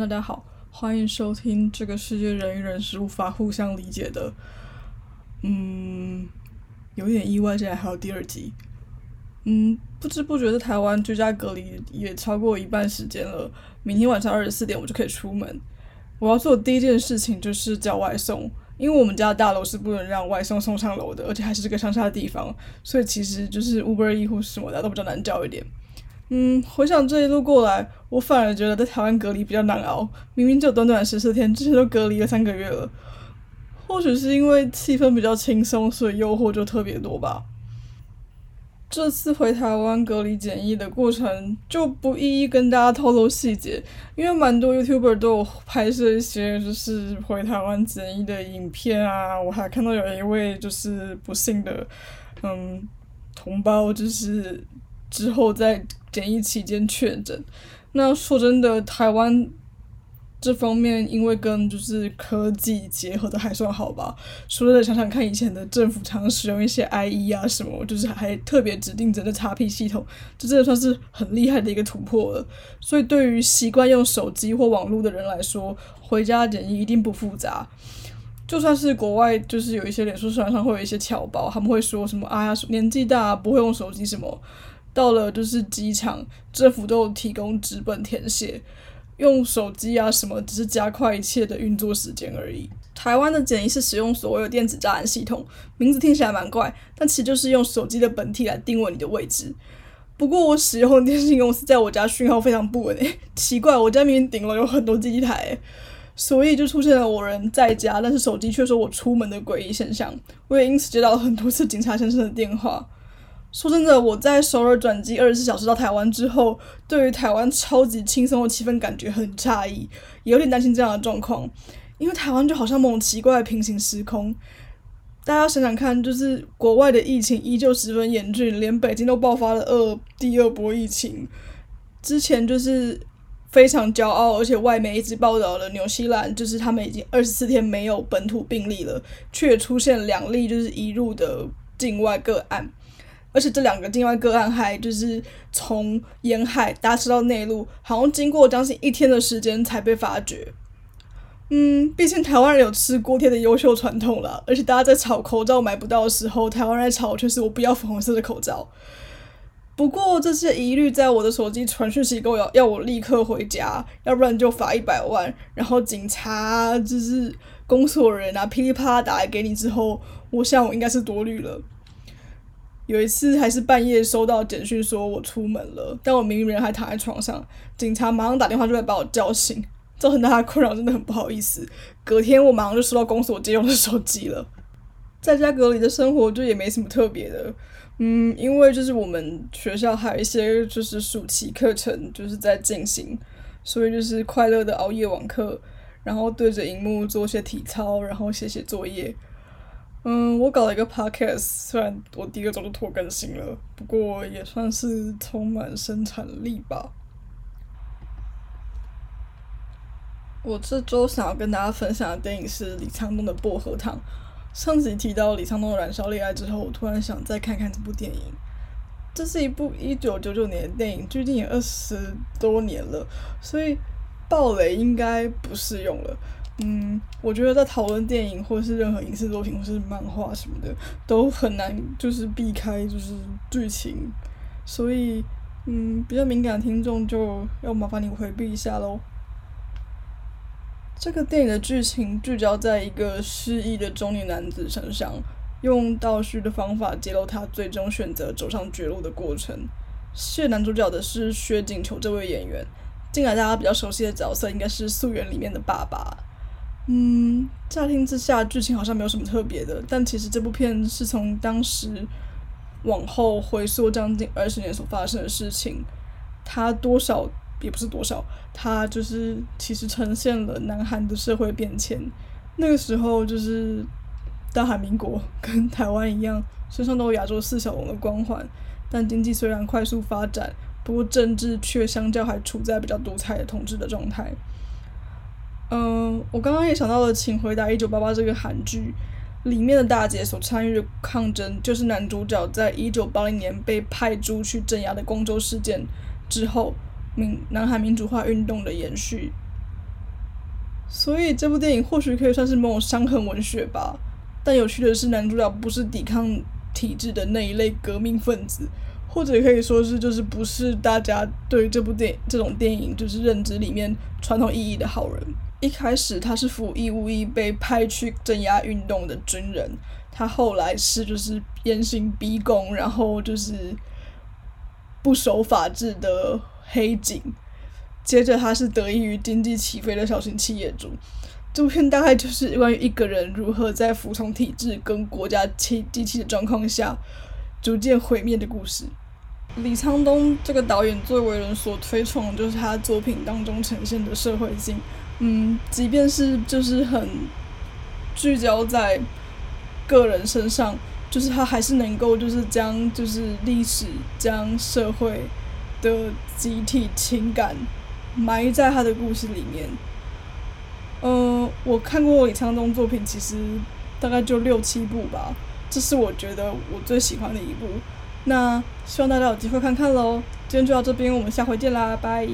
大家好，歡迎收聽《這個世界人與人是無法互相理解的》。嗯，有點意外，竟然還有第二集。嗯，不知不覺的台灣居家隔離也超過一半時間了。明天晚上二十四點，我就可以出門。我要做的第一件事情就是叫外送，因為我們家的大樓是不能讓外送送上樓的，而且還是這個鄉下的地方，所以其實就是 Uber Eats 什麼的都比較難叫一點。嗯，回想這一路過來，我反而覺得在台灣隔離比較難熬。明明就短短十四天，之前都隔離了三個月了。或許是因為氣氛比較輕鬆，所以誘惑就特別多吧。這次回台灣隔離檢疫的過程就不一一跟大家透露細節，因為蠻多 YouTuber 都有拍攝一些就是回台灣檢疫的影片啊。我還看到有一位就是不幸的，嗯，同胞就是之後在。檢疫期間確診，那說真的，台灣這方面因為跟就是科技結合的還算好吧。除了想想看以前的政府常使用一些 I E 啊什麼，就是還特別指定整個叉 P 系統，這真的算是很厲害的一個突破了。所以對於習慣用手機或網絡的人來說，回家檢疫一定不複雜。就算是國外，就是有一些臉書上會有一些橋包，他們會說什麼“哎、啊、呀，年紀大不會用手機什麼”。到了就是機場，政府都有提供紙本填寫，用手機啊什麼，只是加快一切的運作時間而已。台灣的簡易是使用所謂的電子柵欄系統，名字聽起來蠻怪，但其實就是用手機的本體來定位你的位置。不過我使用的電信公司在我家訊號非常不穩定，欸，奇怪，我家明明頂樓有很多基地台，欸，所以就出現了我人在家，但是手機卻說我出門的詭異現象。我也因此接到了很多次警察先生的電話。說真的，我在首爾轉機二十四小時到台灣之後，對於台灣超級輕鬆的氣氛感覺很詫異，也有點擔心這樣的狀況，因為台灣就好像某種奇怪的平行時空。大家想想看，就是國外的疫情依舊十分嚴峻，連北京都爆發了二第二波疫情。之前就是非常驕傲，而且外媒一直報道的紐西蘭，就是他們已經二十四天沒有本土病例了，卻出現兩例就是移入的境外個案。而且這兩個境外個案還就是從沿海搭車到內陸，好像經過將近一天的時間才被發覺。嗯，畢竟台灣人有吃鍋貼的優秀傳統啦，而且大家在炒口罩買不到的時候，台灣人在炒就是我不要粉紅色的口罩。不過這些疑慮在我的手機傳訊息給我，要我立刻回家，要不然就罰一百萬。然後警察就是公所人啊噼里啪啦打來給你之後，我想我應該是多慮了。有一次還是半夜收到簡訊說我出門了，但我明明還躺在床上，警察馬上打電話就來把我叫醒，造成很大的困擾，真的很不好意思。隔天我馬上就收到公司我借用的手機了。在家隔離的生活就也沒什麼特別的，嗯，因為就是我們學校還有一些就是暑期課程就是在進行，所以就是快樂的熬夜網課，然後對着熒幕做些體操，然後寫寫作業。嗯，我搞了一個 podcast，雖然我第一個周就拖更新了，不過也算是充滿生產力吧。我這週想要跟大家分享的電影是李滄東的《薄荷糖》。上集提到李滄東的《燃燒戀愛》之後，我突然想再看看這部電影。這是一部一九九九年的電影，距今也二十多年了，所以爆雷應該不適用了。嗯，我覺得在討論電影或是任何影視作品或是漫畫什麼的，都很難就是避開就是劇情，所以嗯，比較敏感的聽眾就要麻煩你回避一下嘍。這個電影的劇情聚焦在一個失意的中年男子身上，用倒敘的方法揭露他最終選擇走上絕路的過程。飾演男主角的是薛景求這位演員，近來大家比較熟悉的角色應該是《素媛》裡面的爸爸。嗯，乍聽之下，劇情好像沒有什麼特別的，但其實這部片是從當時往後回溯將近二十年所發生的事情。它多少也不是多少，它就是其實呈現了南韓的社會變遷。那個時候就是大韓民國跟台灣一樣，身上都有亞洲四小龍的光環，但經濟雖然快速發展，不過政治卻相較還處在比較獨裁的統治的狀態。嗯、呃，我剛剛也想到了，請回答一九八八這個韓劇，裡面的大姐所參與的抗爭，就是男主角在一九八零年被派出去鎮壓的光州事件之後，嗯，南韓民主化運動的延續。所以這部電影或許可以算是某種傷痕文學吧。但有趣的是，男主角不是抵抗體制的那一類革命分子，或者可以說是就是不是大家對這部電影這種電影就是認知裡面傳統意義的好人。一開始他是服義務役被派去鎮壓運動的軍人，他後來是就是嚴刑逼供，然後就是不守法治的黑警，接着他是得益於經濟起飛的小型企業主。這部片大概就是關於一個人如何在服從體制跟國家機機器的狀況下逐漸毀滅的故事。李滄東這個導演最為人所推崇，就是他作品當中呈現的社會性。嗯，即便是就是很聚焦在個人身上，就是他還是能夠就是將就是歷史、將社會的集體情感埋在他的故事裡面。嗯、呃，我看過李滄東作品，其實大概就六七部吧，這是我覺得我最喜歡的一部。那希望大家有機會看看嘍。今天就到這邊，我們下回見啦，拜。